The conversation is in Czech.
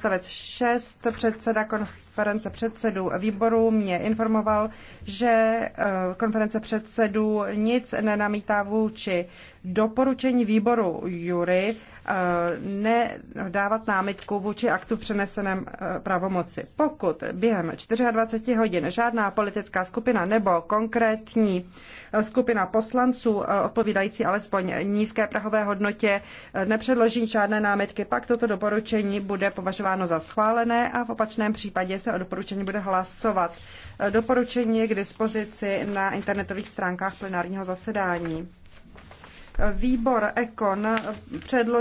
Odstavec 6. Předseda konference předsedů výboru mě informoval, že eh, konference předsedů nic nenamítá vůči doporučení výboru jury eh, nedávat námitku vůči aktu přeneseném eh, pravomoci. Pokud během 24 hodin žádná politická skupina nebo konkrétní skupina poslanců odpovídající alespoň nízké prahové hodnotě nepředloží žádné námitky, pak toto doporučení bude považováno považováno za schválené a v opačném případě se o doporučení bude hlasovat. Doporučení je k dispozici na internetových stránkách plenárního zasedání. Výbor Ekon předložil